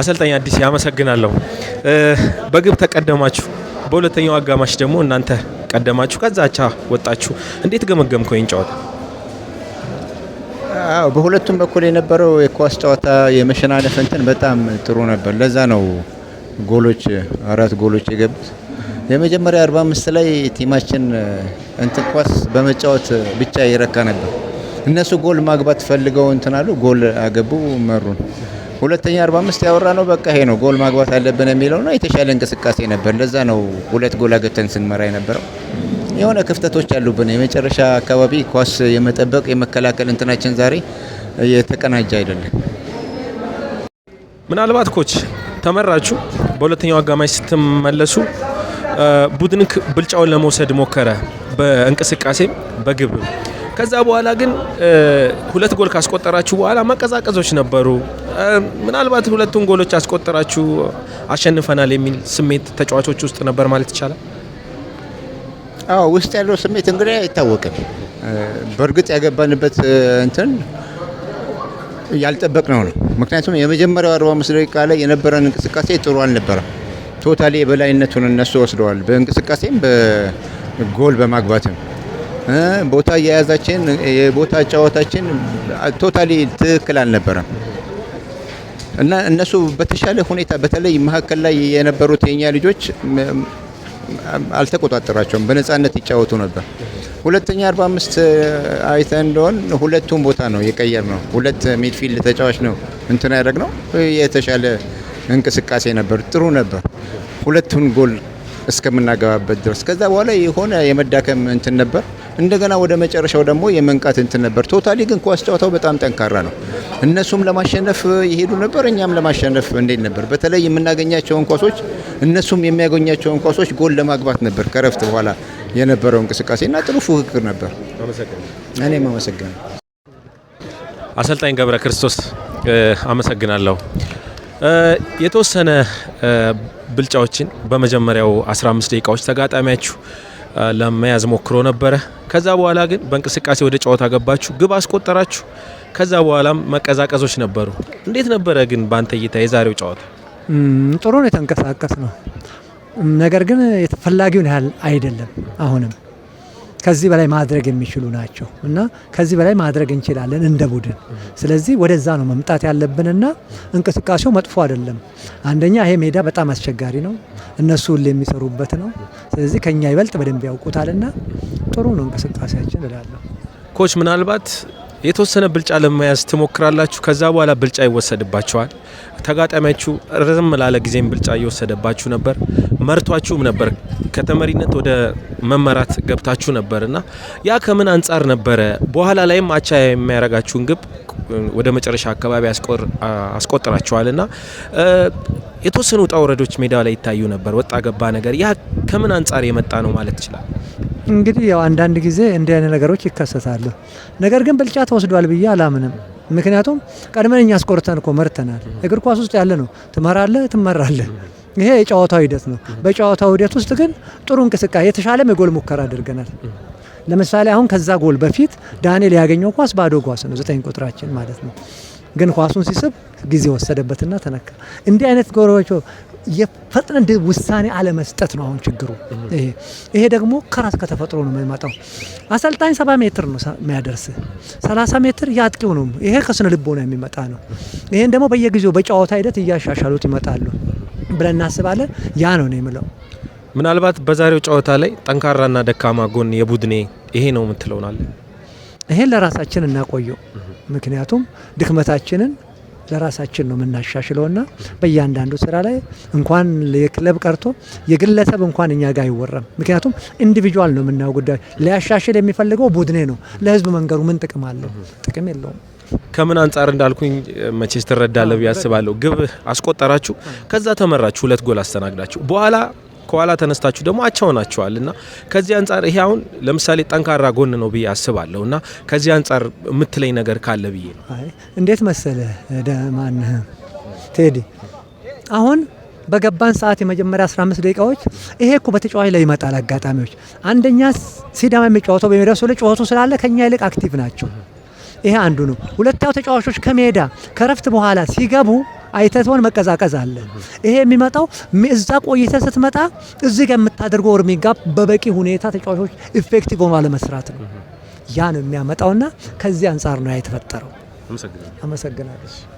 አሰልጣኝ አዲስ ያመሰግናለሁ። በግብ ተቀደማችሁ፣ በሁለተኛው አጋማሽ ደግሞ እናንተ ቀደማችሁ፣ ከዛ ወጣችሁ። እንዴት ገመገምከው ይህን ጨዋታ? በሁለቱም በኩል የነበረው የኳስ ጨዋታ የመሸናነፍ እንትን በጣም ጥሩ ነበር። ለዛ ነው ጎሎች አራት ጎሎች የገቡት። የመጀመሪያ 45 ላይ ቲማችን እንትን ኳስ በመጫወት ብቻ ይረካ ነበር። እነሱ ጎል ማግባት ፈልገው እንትን አሉ፣ ጎል አገቡ፣ መሩን። ሁለተኛ 45 ያወራ ነው። በቃ ይሄ ነው ጎል ማግባት አለብን የሚለው ነው። የተሻለ እንቅስቃሴ ነበር። ለዛ ነው ሁለት ጎል አገብተን ስንመራ የነበረው። የሆነ ክፍተቶች አሉብን። የመጨረሻ አካባቢ ኳስ የመጠበቅ የመከላከል እንትናችን ዛሬ የተቀናጀ አይደለም። ምናልባት ኮች ተመራችሁ በሁለተኛው አጋማሽ ስትመለሱ ቡድንክ ብልጫውን ለመውሰድ ሞከረ፣ በእንቅስቃሴም በግብም ከዛ በኋላ ግን ሁለት ጎል ካስቆጠራችሁ በኋላ መቀዛቀዞች ነበሩ። ምናልባት ሁለቱን ጎሎች አስቆጠራችሁ አሸንፈናል የሚል ስሜት ተጫዋቾች ውስጥ ነበር ማለት ይቻላል። አዎ ውስጥ ያለው ስሜት እንግዲህ አይታወቅም። በእርግጥ ያገባንበት እንትን ያልጠበቅነው ነው። ምክንያቱም የመጀመሪያው 45 ደቂቃ ላይ የነበረን እንቅስቃሴ ጥሩ አልነበረም። ቶታሊ የበላይነቱን እነሱ ወስደዋል፣ በእንቅስቃሴም በጎል በማግባትም ቦታ የያዛችን የቦታ ጨዋታችን ቶታሊ ትክክል አልነበረም እና እነሱ በተሻለ ሁኔታ በተለይ መካከል ላይ የነበሩት የኛ ልጆች አልተቆጣጠራቸውም። በነፃነት ይጫወቱ ነበር። ሁለተኛ 45 አይተ እንደሆን ሁለቱም ቦታ ነው የቀየር ነው። ሁለት ሚድፊልድ ተጫዋች ነው እንትን ያደረግ ነው። የተሻለ እንቅስቃሴ ነበር፣ ጥሩ ነበር። ሁለቱን ጎል እስከምናገባበት ድረስ ከዛ በኋላ የሆነ የመዳከም እንትን ነበር። እንደገና ወደ መጨረሻው ደግሞ የመንቃት እንትን ነበር። ቶታሊ ግን ኳስ ጨዋታው በጣም ጠንካራ ነው። እነሱም ለማሸነፍ ይሄዱ ነበር፣ እኛም ለማሸነፍ እንዴት ነበር። በተለይ የምናገኛቸውን ኳሶች እነሱም የሚያገኛቸውን ኳሶች ጎል ለማግባት ነበር ከረፍት በኋላ የነበረው እንቅስቃሴ እና ጥሩ ፉክክር ነበር። እኔም አመሰግናለሁ። አሰልጣኝ ገብረ ክርስቶስ አመሰግናለሁ። የተወሰነ ብልጫዎችን በመጀመሪያው 15 ደቂቃዎች ተጋጣሚያችሁ ለመያዝ ሞክሮ ነበረ። ከዛ በኋላ ግን በእንቅስቃሴ ወደ ጨዋታ ገባችሁ፣ ግብ አስቆጠራችሁ። ከዛ በኋላም መቀዛቀዞች ነበሩ። እንዴት ነበረ ግን በአንተ እይታ የዛሬው ጨዋታ? ጥሩ ነው የተንቀሳቀስ ነው፣ ነገር ግን የተፈላጊውን ያህል አይደለም። አሁንም ከዚህ በላይ ማድረግ የሚችሉ ናቸው እና ከዚህ በላይ ማድረግ እንችላለን እንደ ቡድን። ስለዚህ ወደዛ ነው መምጣት ያለብንና እንቅስቃሴው መጥፎ አይደለም። አንደኛ ይሄ ሜዳ በጣም አስቸጋሪ ነው፣ እነሱ ሁሌ የሚሰሩበት ነው። ስለዚህ ከኛ ይበልጥ በደንብ ያውቁታልና ጥሩ ነው እንቅስቃሴያችን እላለሁ። ኮች ምናልባት የተወሰነ ብልጫ ለመያዝ ትሞክራላችሁ። ከዛ በኋላ ብልጫ ይወሰድባቸዋል። ተጋጣሚያችሁ ረዘም ላለ ጊዜም ብልጫ እየወሰደባችሁ ነበር፣ መርቷችሁም ነበር ከተመሪነት ወደ መመራት ገብታችሁ ነበርና ያ ከምን አንጻር ነበረ? በኋላ ላይም አቻ የሚያረጋችሁን ግብ ወደ መጨረሻ አካባቢ እና የተወሰኑ ውጣ ውረዶች ሜዳ ላይ ይታዩ ነበር። ወጣ ገባ ነገር ያ ከምን አንጻር የመጣ ነው ማለት ይችላል? እንግዲህ ያው አንዳንድ ጊዜ እንዲህ አይነት ነገሮች ይከሰታሉ። ነገር ግን ብልጫ ተወስዷል ብዬ አላምንም። ምክንያቱም ቀድመን እኛ አስቆርተን እኮ መርተናል። እግር ኳስ ውስጥ ያለ ነው። ትመራለህ፣ ትመራለህ ይሄ የጨዋታው ሂደት ነው። በጨዋታው ሂደት ውስጥ ግን ጥሩ እንቅስቃሴ የተሻለም የጎል ሙከራ አድርገናል። ለምሳሌ አሁን ከዛ ጎል በፊት ዳንኤል ያገኘው ኳስ ባዶ ኳስ ነው፣ ዘጠኝ ቁጥራችን ማለት ነው። ግን ኳሱን ሲስብ ጊዜ ወሰደበትና ተነካ። እንዲህ አይነት ጎሮቾ የፈጥነ ውሳኔ አለመስጠት ነው አሁን ችግሩ። ይሄ ይሄ ደግሞ ከራስ ከተፈጥሮ ነው የሚመጣው። አሰልጣኝ ሰባ ሜትር ነው የሚያደርስ፣ ሰላሳ ሜትር ያጥቂው ነው። ይሄ ከስነ ልቦና የሚመጣ ነው። ይሄን ደግሞ በየጊዜው በጨዋታ ሂደት እያሻሻሉት ይመጣሉ። ብለን እናስባለን። ያ ነው ነው የምለው። ምናልባት በዛሬው ጨዋታ ላይ ጠንካራና ደካማ ጎን የቡድኔ ይሄ ነው የምትለውናለ። ይሄን ለራሳችን እናቆየው። ምክንያቱም ድክመታችንን ለራሳችን ነው የምናሻሽለውና በእያንዳንዱ ስራ ላይ እንኳን የክለብ ቀርቶ የግለሰብ እንኳን እኛ ጋር አይወራም። ምክንያቱም ኢንዲቪጁዋል ነው የምናየው ጉዳዩ። ሊያሻሽል የሚፈልገው ቡድኔ ነው። ለህዝብ መንገሩ ምን ጥቅም አለው? ጥቅም የለውም። ከምን አንጻር እንዳልኩኝ መቼስ ትረዳለህ ብዬ አስባለሁ። ግብ አስቆጠራችሁ፣ ከዛ ተመራችሁ፣ ሁለት ጎል አስተናግዳችሁ በኋላ ከኋላ ተነስታችሁ ደግሞ አቻ ሆናችኋል እና ከዚህ አንጻር ይሄ አሁን ለምሳሌ ጠንካራ ጎን ነው ብዬ አስባለሁ እና ከዚህ አንጻር የምትለኝ ነገር ካለ ብዬ ነው። እንዴት መሰለ ማነህ ቴዲ፣ አሁን በገባን ሰዓት የመጀመሪያ 15 ደቂቃዎች ይሄ እኮ በተጫዋች ላይ ይመጣል አጋጣሚዎች። አንደኛ ሲዳማ የሚጫወተው በሜዳው ስለ ጨዋቱ ስላለ ከኛ ይልቅ አክቲቭ ናቸው ይሄ አንዱ ነው። ሁለታው ተጫዋቾች ከሜዳ ከረፍት በኋላ ሲገቡ አይተትሆን መቀዛቀዝ አለ። ይሄ የሚመጣው እዛ ቆይተ ስትመጣ እዚህ ጋር የምታደርገው እርሚጋ በበቂ ሁኔታ ተጫዋቾች ኢፌክቲቭ ሆኖ አለመስራት ነው። ያ ነው የሚያመጣውና ከዚህ አንጻር ነው ያ የተፈጠረው። አመሰግናለሁ።